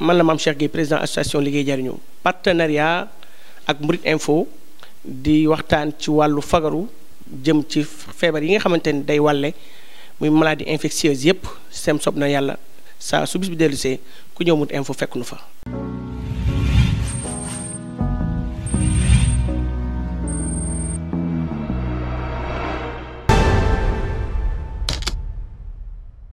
man la maam Cheikh gi président association liggéey jariñu partenariat ak Mouride Info di waxtaan ci wàllu fagaru jëm ci feebar yi nga xamante ni day wàlle muy maladie infectieuse yépp sem sob na yàlla saa su bis bi dellusee ku ñëw Mouride Info fekk nu fa